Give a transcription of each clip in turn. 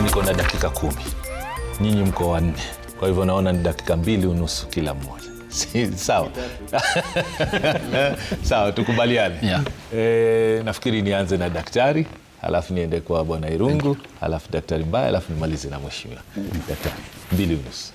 nafikiri niko na dakika kumi, nyinyi mko wanne, kwa hivyo naona ni dakika mbili unusu kila mmoja. Sawa sawa, tukubaliane yeah. E, nafikiri nianze na daktari halafu niende kwa bwana Irungu alafu daktari Mbaya alafu nimalize na mweshimiwa daktari. Mbili unusu,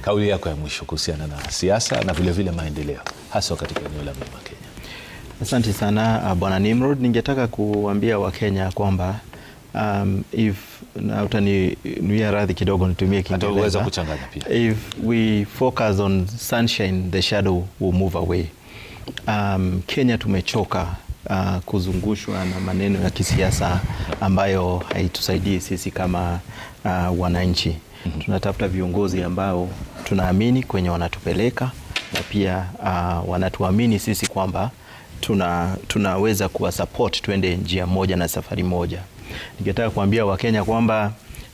kauli yako ya mwisho kuhusiana na siasa na vilevile maendeleo haswa katika eneo la mlima Kenya. Asante sana bwana Nimrod, ningetaka kuambia Wakenya kwamba um, if na utani utaninuia radhi kidogo nitumie Kiingereza kuchanganya pia. If we focus on sunshine the shadow will move away. Um, Kenya tumechoka uh, kuzungushwa na maneno ya kisiasa ambayo haitusaidii sisi kama uh, wananchi. Mm -hmm. Tunatafuta viongozi ambao tunaamini kwenye wanatupeleka na pia uh, wanatuamini sisi kwamba tuna, tunaweza kuwa support twende njia moja na safari moja ningetaka kuambia Wakenya kwamba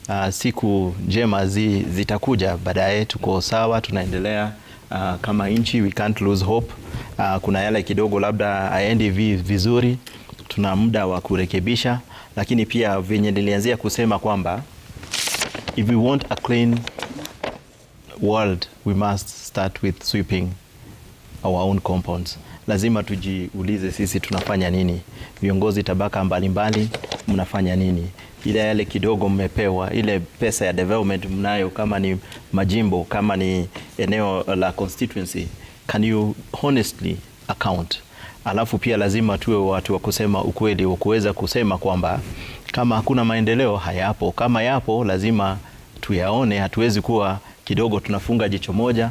uh, siku njema zi, zitakuja baadaye. Tuko sawa, tunaendelea uh, kama nchi, we can't lose hope. Uh, kuna yale kidogo labda aendi vizuri, tuna muda wa kurekebisha, lakini pia venye nilianzia kusema kwamba if we want a clean world we must start with sweeping our own compounds. Lazima tujiulize sisi tunafanya nini, viongozi tabaka mbalimbali mbali, mnafanya nini, ile yale kidogo mmepewa, ile pesa ya development mnayo, kama ni majimbo, kama ni eneo la constituency, can you honestly account? Alafu pia lazima tuwe watu wa kusema ukweli, wa kuweza kusema kwamba kama hakuna maendeleo hayapo, kama yapo lazima tuyaone. Hatuwezi kuwa kidogo tunafunga jicho moja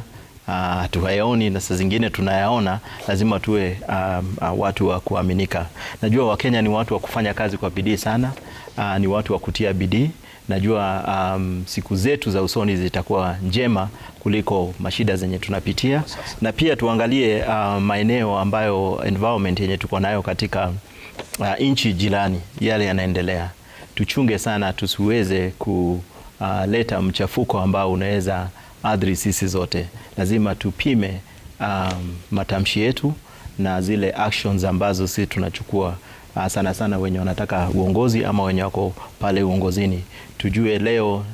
uh, ah, tuhayaoni na saa zingine tunayaona, lazima tuwe um, uh, watu wa kuaminika. Najua Wakenya ni watu wa kufanya kazi kwa bidii sana, uh, ni watu wa kutia bidii. Najua um, siku zetu za usoni zitakuwa njema kuliko mashida zenye tunapitia, na pia tuangalie uh, maeneo ambayo environment yenye tuko nayo katika uh, nchi jirani, yale yanaendelea, tuchunge sana tusiweze kuleta uh, mchafuko ambao unaweza adris sisi zote, lazima tupime um, matamshi yetu na zile actions ambazo sisi tunachukua uh, sana sana wenye wanataka uongozi ama wenye wako pale uongozini, tujue leo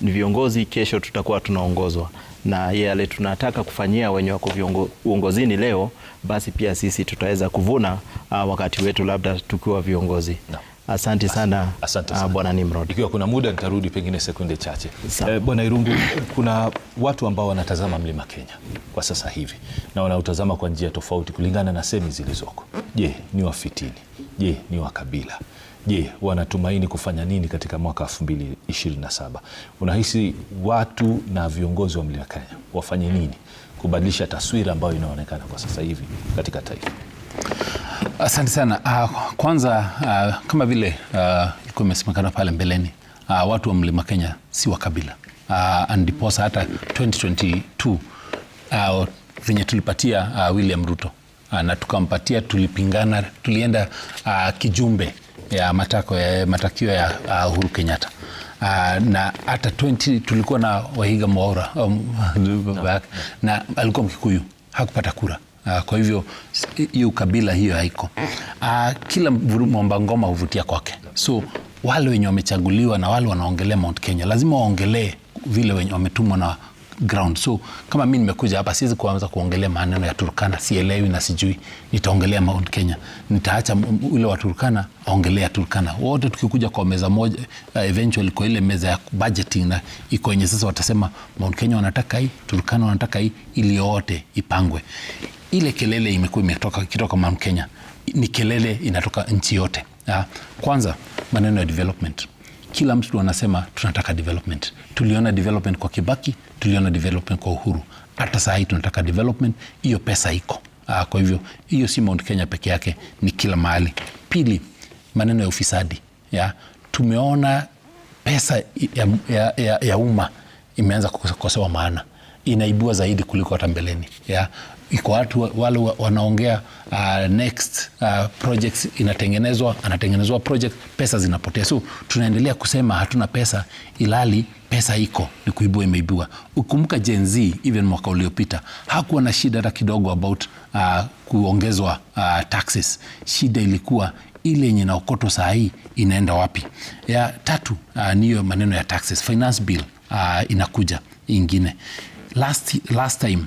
ni viongozi, kesho tutakuwa tunaongozwa na yale tunataka kufanyia wenye wako viongo, uongozini leo, basi pia sisi tutaweza kuvuna uh, wakati wetu labda tukiwa viongozi no. Asante sana, asante ah, sana. Bwana Nimrod, ikiwa kuna muda nitarudi pengine sekunde chache. E, Bwana Irungu, kuna watu ambao wanatazama Mlima Kenya kwa sasa hivi na wanautazama kwa njia tofauti kulingana na semi zilizoko. Je, ni wafitini? Je, ni wakabila? Je, wanatumaini kufanya nini katika mwaka 2027? Unahisi watu na viongozi wa Mlima Kenya wafanye nini kubadilisha taswira ambayo inaonekana kwa sasa hivi katika taifa? Asante sana. Uh, kwanza uh, kama vile ah, ilikuwa imesemekana pale mbeleni uh, watu wa Mlima Kenya si wa kabila uh, andiposa hata 2022 uh, venye tulipatia uh, William Ruto uh, na tukampatia, tulipingana, tulienda uh, kijumbe ya matako ya matakio ya uh, Uhuru Kenyatta uh, na hata 20 tulikuwa na Wahiga Mwaura um, no, no. na alikuwa Mkikuyu hakupata kura Ah, kwa hivyo hiyo kabila hiyo haiko. Ah, kila mwomba ngoma huvutia kwake, so wale wenye wamechaguliwa na wale wanaongelea Mount Kenya lazima waongelee vile wenye wametumwa na ground. So kama mimi nimekuja hapa, siwezi kuanza kuongelea maneno ya Turkana, sielewi na sijui. Nitaongelea Mount Kenya, nitaacha ule wa Turkana aongelea Turkana, wote tukikuja kwa meza moja, uh, eventually kwa ile meza ya budgeting na iko yenye sasa, watasema Mount Kenya wanataka hii, Turkana wanataka hii, ili yote ipangwe ile kelele imekuwa imetoka kitoka mam Kenya ni kelele inatoka nchi yote. Ah, kwanza maneno ya development, kila mtu anasema tunataka development. Tuliona development kwa Kibaki, tuliona development kwa Uhuru, hata saa hii tunataka development. Hiyo pesa iko. Ah, kwa hivyo hiyo si Mount Kenya peke yake, ni kila mahali. Pili, maneno ya ufisadi ya, tumeona pesa ya, ya, ya, ya umma imeanza kukosewa maana, inaibua zaidi kuliko hata mbeleni ya iko watu wale wanaongea uh, next uh, projects inatengenezwa, anatengenezwa project, pesa zinapotea. So tunaendelea kusema hatuna pesa, ilali pesa iko, ni kuibua imeibiwa. Ukumbuka Gen Z even mwaka uliopita hakuwa na shida hata kidogo about uh, kuongezwa uh, taxes. Shida ilikuwa ile yenye naokoto saa hii inaenda wapi? Ya tatu uh, niyo maneno ya taxes finance bill uh, inakuja ingine last, last time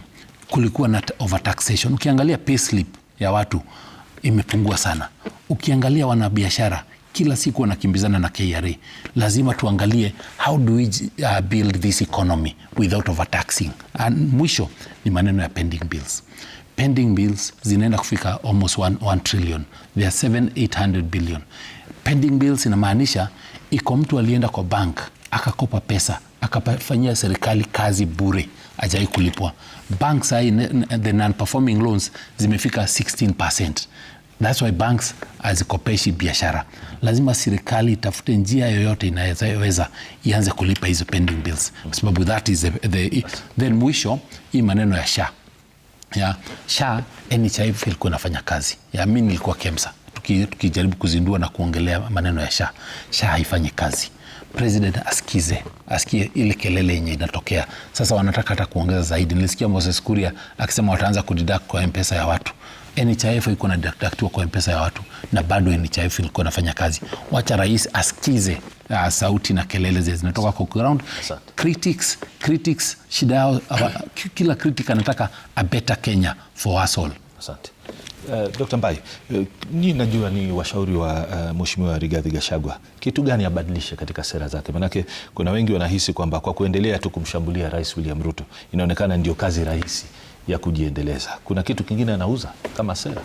kulikuwa na overtaxation. Ukiangalia payslip ya watu imepungua sana. Ukiangalia wanabiashara kila siku wanakimbizana na KRA. Lazima tuangalie how do we uh, build this economy without overtaxing. And mwisho ni maneno ya pending bills. Pending bills zinaenda kufika almost 1 trillion. They are 7800 billion. Pending bills inamaanisha iko mtu alienda kwa bank akakopa pesa akafanyia serikali kazi bure hajawai kulipwa. Banks hai, the non-performing loans zimefika 16%. That's why banks hazikopeshi biashara. Lazima serikali itafute njia yoyote inayoweza ianze kulipa hizo pending bills, kwa sababu that is the, the, then mwisho hii maneno ya SHA ya SHA NHIF ilikuwa inafanya kazi ya mi nilikuwa KEMSA tukijaribu kuzindua na kuongelea maneno ya SHA. SHA haifanyi kazi president asikize, asikie ile kelele yenye inatokea sasa. Wanataka hata kuongeza zaidi. Nilisikia Moses Kuria akisema wataanza kudidak kwa mpesa ya watu. NHIF iko na deductiwa kwa mpesa ya watu na bado NHIF ilikuwa nafanya kazi. Wacha rais asikize uh, sauti na kelele zile zinatoka kwa ground. Critics, critics shida yao uh, kila critic anataka a better Kenya for us all. Asante. Eh, Dr. mbai Mbayi, eh, ni najua ni washauri wa uh, Mheshimiwa Rigathi Gachagua. Kitu gani abadilishe katika sera zake? Maanake kuna wengi wanahisi kwamba kwa kuendelea tu kumshambulia Rais William Ruto inaonekana ndio kazi rahisi ya kujiendeleza. Kuna kitu kingine anauza kama sera?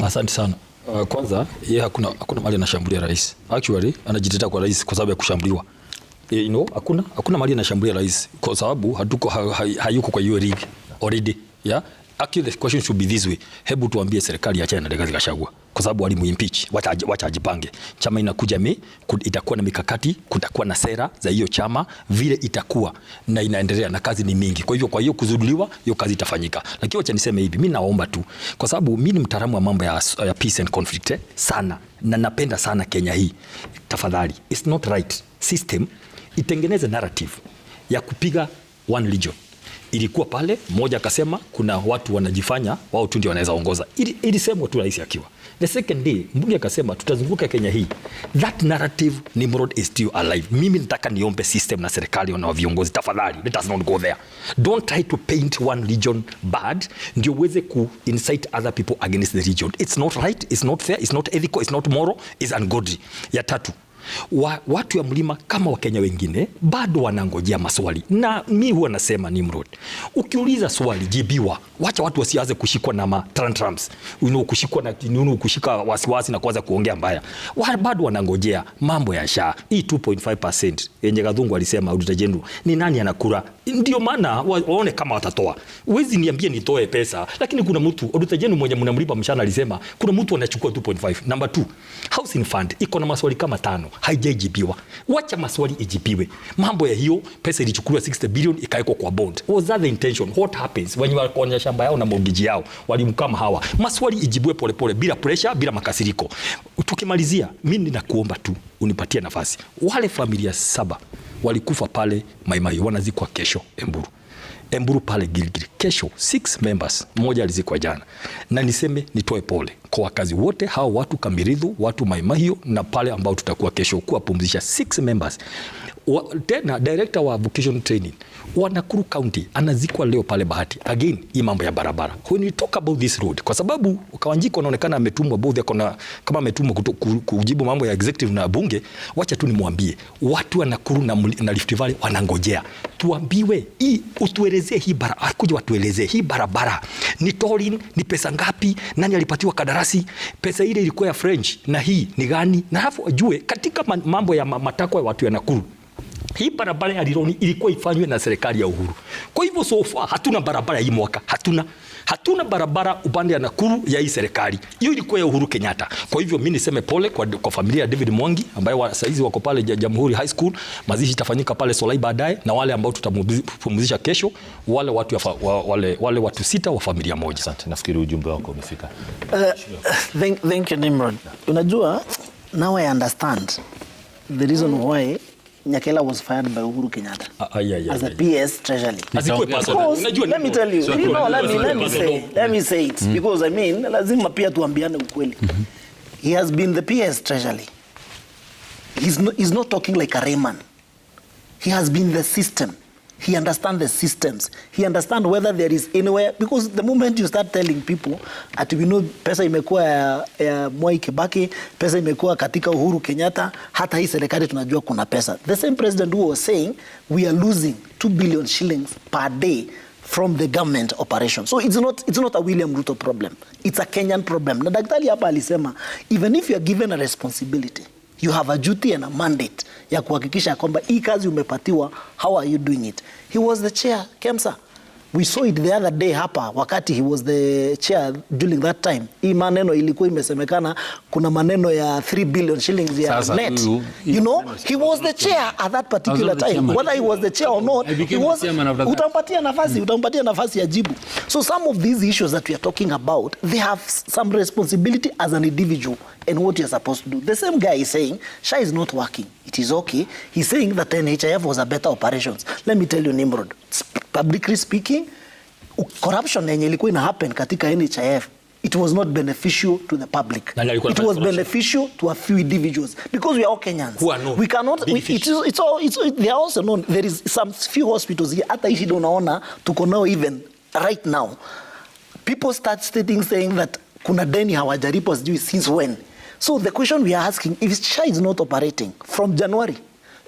Ah, asante sana. Uh, kwanza yeye hakuna, hakuna mali anashambulia rais. Actually anajitetea kwa rais kwa sababu ya kushambuliwa. You know, hakuna hakuna mali anashambulia rais kwa sababu hatuko hayuko kwa hiyo league already. Yeah? Actually the question should be this way. Hebu tuambie serikali ya China na Rigathi Gachagua kwa sababu walimwimpeach, wacha wacha ajipange. Chama inakuja me, itakuwa na mikakati, kutakuwa na sera za hiyo chama vile itakuwa na inaendelea na kazi ni mingi. Kwa hivyo kwa hiyo kuzuduliwa hiyo kazi itafanyika. Lakini wacha niseme hivi, mimi naomba tu kwa sababu mimi ni mtaalamu wa mambo ya, ya peace and conflict eh, sana na napenda sana Kenya hii. Tafadhali, it's not right. System itengeneze narrative ya kupiga one legion ilikuwa pale, mmoja akasema kuna watu wanajifanya wao tu ndio wanaweza ongoza, ili ili semwa tu rais akiwa. The second day mbunge akasema tutazunguka Kenya hii. That narrative Nimrod is still alive. Mimi nataka niombe system na serikali na viongozi, tafadhali, let us not go there. Don't try to paint one region bad ndio uweze ku incite other people against the region. It's not right, it's not fair, it's not ethical, it's not moral, it's ungodly. Ya tatu wa, watu ya mlima kama Wakenya wengine bado wanangojea maswali, na mi huwa nasema Nimrod, ukiuliza swali jibiwa. Wacha watu wasianze kushikwa na matantrums, kushikwa na nini, kushika wasiwasi na kuanza kuongea mbaya. Wa, bado wanangojea mambo ya sha hii 2.5% yenye Gadhungu alisema Auditor General, ni nani anakura? Ndio maana waone kama watatoa. Wezi niambie nitoe pesa, lakini kuna mtu Auditor General mwenye mnamlipa mshahara alisema kuna mtu anachukua 2.5. Number 2, housing fund iko na maswali kama tano haijajibiwa. Wacha maswali ijibiwe. Mambo ya hiyo pesa ilichukuliwa 60 billion ikawekwa kwa bond. Was that the intention? What happens? are kwenye shamba yao na mortgage yao, walimkama hawa. Maswali ijibiwe polepole bila pressure, bila makasiriko. Tukimalizia, mimi ninakuomba tu unipatie nafasi. Wale familia saba walikufa pale Maimai wanazikwa kesho Emburu. Emburu pale Gilgil kesho, six members, mmoja alizikwa jana, na niseme nitoe pole kwa wakazi wote hao, watu Kamiridhu, watu Maimahio na pale ambao tutakuwa kesho kuwapumzisha six members wa, tena director wa vocation training wa Nakuru County anazikwa leo pale Bahati. Again, hii mambo ya barabara. When we talk about this road, kwa sababu Kawanjiko anaonekana ametumwa both kona, kama ametumwa kujibu mambo ya executive na bunge, wacha tu nimwambie watu wa Nakuru na, na Rift Valley wanangojea tuambiwe, hii utuelezee hii barabara, kuja watuelezee hii barabara ni tolling, ni pesa ngapi, nani alipatiwa kadarasi, pesa ile ilikuwa ya French na hii ni gani, na hapo ajue katika mambo ya matakwa ya watu ya Nakuru hii barabara ya Liloni ilikuwa ifanywe na serikali ya Uhuru. Kwa hivyo sofa hatuna barabara hii mwaka, hatuna hatuna barabara upande ya Nakuru ya hii serikali. Hiyo ilikuwa ya Uhuru Kenyatta. Kwa hivyo mimi niseme pole kwa, kwa familia ya David Mwangi ambaye wa, saizi wako pale Jamhuri High School. Mazishi itafanyika pale Solai baadaye na wale ambao tutapumzisha kesho, wale watu ya wa, wale, wale watu sita wa familia moja. Asante, nafikiri ujumbe wako umefika. Uh, uh thank, thank you Nimrod. Unajua now I understand the reason mm. why Nyakela was fired by Uhuru Kenyatta uh, uh, yeah, yeah, as the PS Treasury. Let me tell you, so you know, let me, let me say, let me say it, mm. because I mean, lazima pia tuambiane ukweli. Mm-hmm. He has been the PS Treasury. He's, no, he's not talking like a Rayman. He has been the system. Mm He understand the systems. He understand whether there is anywhere because the moment you start telling people at we know pesa imekuwa ya, ya Mwai Kibaki, pesa imekuwa katika Uhuru Kenyatta, hata hii serikali tunajua kuna pesa. The same president who was saying we are losing 2 billion shillings per day from the government operation. So it's not, it's not a William Ruto problem. It's a Kenyan problem. Na daktari hapa alisema even if you are given a responsibility you have a duty and a mandate ya kuhakikisha kwamba hii kazi umepatiwa, how are you doing it? He was the chair KEMSA. We saw it the other day hapa wakati he was the chair during that time. Hii maneno ilikuwa imesemekana kuna maneno ya 3 billion shillings ya Sasa, net. You know, he was the chair at that particular time. Whether he was the chair or not, he was utampatia nafasi, mm. utampatia nafasi ya jibu. So some of these issues that we are talking about, they have some responsibility as an individual and what you are supposed to do. The same guy is saying SHA is not working. It is okay. He's saying that NHIF was a better operations. Let me tell you Nimrod publicly speaking, corruption yenye ilikuwa ina happen katika NHIF it was not beneficial to the public. It was beneficial to a few individuals because we are all Kenyans. Who are known. We cannot, we, it is, it's all, it's, it, they are also known. There is some few hospitals here hata ishi donaona, tuko nao even right now. People start stating saying that kuna deni hawajalipo sijui since when. So the question we are asking if SHA is not operating from January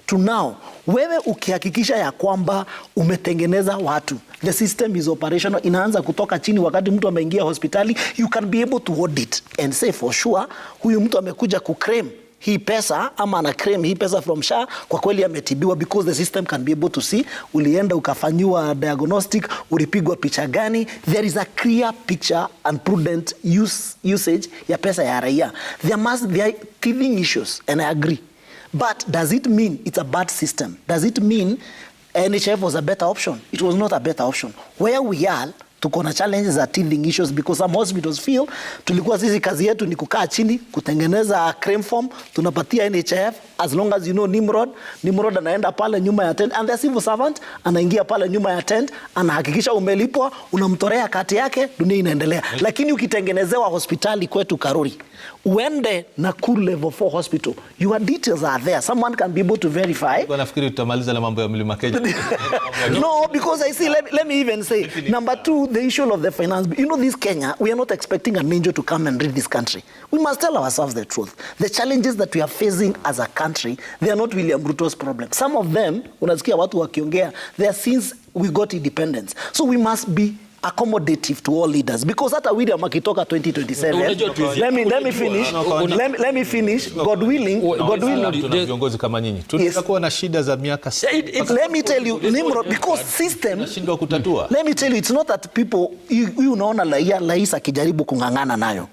tunao. Wewe ukihakikisha ya kwamba umetengeneza watu, the system is operational, inaanza kutoka chini. Wakati mtu ameingia hospitali, you can be able to audit and say for sure huyu mtu amekuja kuclaim hii pesa ama ana claim hii pesa from SHA, kwa kweli ametibiwa, because the system can be able to see ulienda ukafanyiwa diagnostic, ulipigwa picha gani. There is a clear picture and prudent use, usage ya pesa ya raia. There must be teething issues and I agree But does it mean it's a bad system? Does it mean NHF was a better option? It was not a better option. Where we are tuko na challenges za teething issues because some hospitals feel tulikuwa sisi kazi yetu ni kukaa chini kutengeneza cream form tunapatia NHIF as long as you know Nimrod. Nimrod anaenda pale nyuma ya tent and the civil servant anaingia pale nyuma ya tent anahakikisha umelipwa, unamtorea kati yake, dunia inaendelea. Lakini ukitengenezewa hospitali kwetu Karuri, uende na cool level 4 hospital, your details are there, someone can be able to verify. Kwa nafikiri tutamaliza na mambo ya Mlima Kenya. No, because I see, let, let me even say number two the issue of the finance bill, you know, this Kenya, we are not expecting an angel to come and read this country. We must tell ourselves the truth. The challenges that we are facing as a country, they are not William Ruto's problem. Some of them, unasikia watu wakiongea, they are since we got independence. So we must be accommodative to all leaders because hata William akitoka 2027 let me let me finish let, let me finish God willing God willing tuna viongozi kama nyinyi tutakuwa na shida za miaka let me tell you Nimrod because system nashindwa kutatua let me tell you it's not that people huyu unaona raia rais akijaribu kung'ang'ana nayo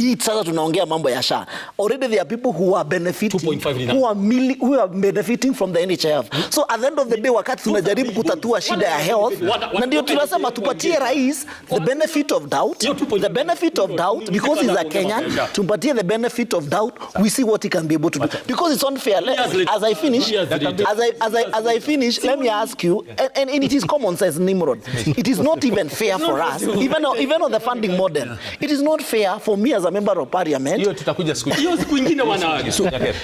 hii sasa tunaongea mambo ya SHA. Already there are people who are benefiting, who are, mili, who are benefiting from the NHIF. Hmm. So at the end of the day wakati tunajaribu kutatua shida ya health na ndio tunasema tupatie rais the benefit of doubt, the benefit of doubt because he's a Kenyan, tumpatie the benefit of doubt, we see what he can be able to do because it's unfair. As I finish, as I, as I, as I finish, let me ask you, and, and it is common sense, Nimrod. It is not even fair for us, even, even on the funding model. It is not fair for me as a member of parliament. Hiyo tutakuja siku hiyo siku nyingine wanawake.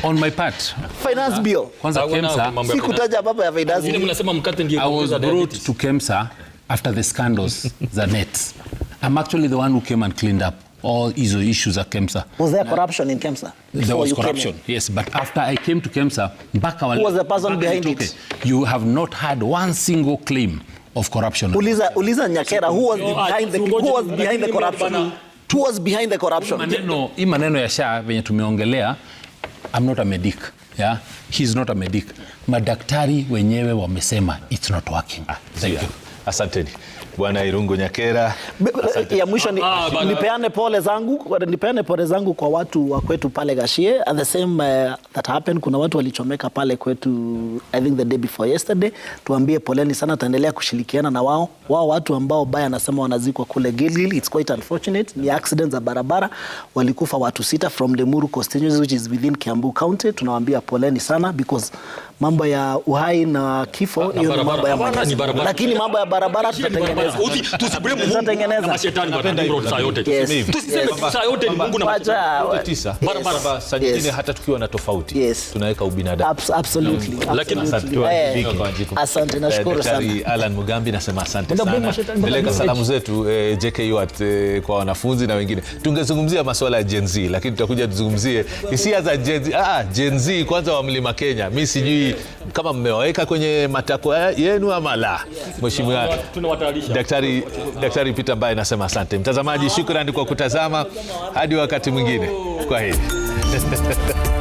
On my part. Finance ah. bill. Kwanza Kemsa. Sikutaja baba ya finance bill. Mnasema mkate ndio. I was brought to Kemsa after the scandals za net. I'm actually the one who came and cleaned up all hizo issues at Kemsa. Was there corruption in Kemsa? There was corruption. Yes, but after I came to Kemsa, Mbaka wale. Who was the person behind it? You have not had one single claim of corruption. Uliza, uliza Nyakera, who was ah, behind the, who was behind the corruption? towards behind the corruption. Maneno, hii maneno ya SHA venye tumeongelea, I'm not a medic. Yeah, he's not a medic. Madaktari wenyewe wamesema it's not working. Ah, thank you. Asanteni. Bwana Irungu Nyakera ya mwisho ni, ah, nipeane pole zangu, nipeane pole zangu kwa watu wa kwetu pale Gashie. At the same uh, that happened, kuna watu walichomeka pale kwetu I think the day before yesterday. Tuambie poleni sana, tutaendelea kushirikiana na wao wao watu ambao baya anasema wanazikwa kule Gilgil. It's quite unfortunate, ni accidents za barabara, walikufa watu sita from the Muru constituency which is within Kiambu County. Tunawaambia poleni sana because mambo ya uhai na kifo hiyo ni mambo ya, barabara. lakini mambo ya barabara tutatengeneza kutengeneza. nyingine hata tukiwa na tofauti tunaweka ubinadamu. Absolutely. Mm. Eh. Eh, Alan Mugambi nasema asante sana. salamu zetu eh, JKU kwa wanafunzi na wengine. Tungezungumzia masuala ya jenz lakini tutakuja tuzungumzie hisia za Gen ah, kwanza wa Mlima Kenya. mi sijui kama mmewaweka kwenye matakwa yenu ama la. mweshimiwa tunawatayarisha Daktari, Daktari Peter Mbae anasema asante mtazamaji, shukrani kwa kutazama. Hadi wakati mwingine, kwa heri.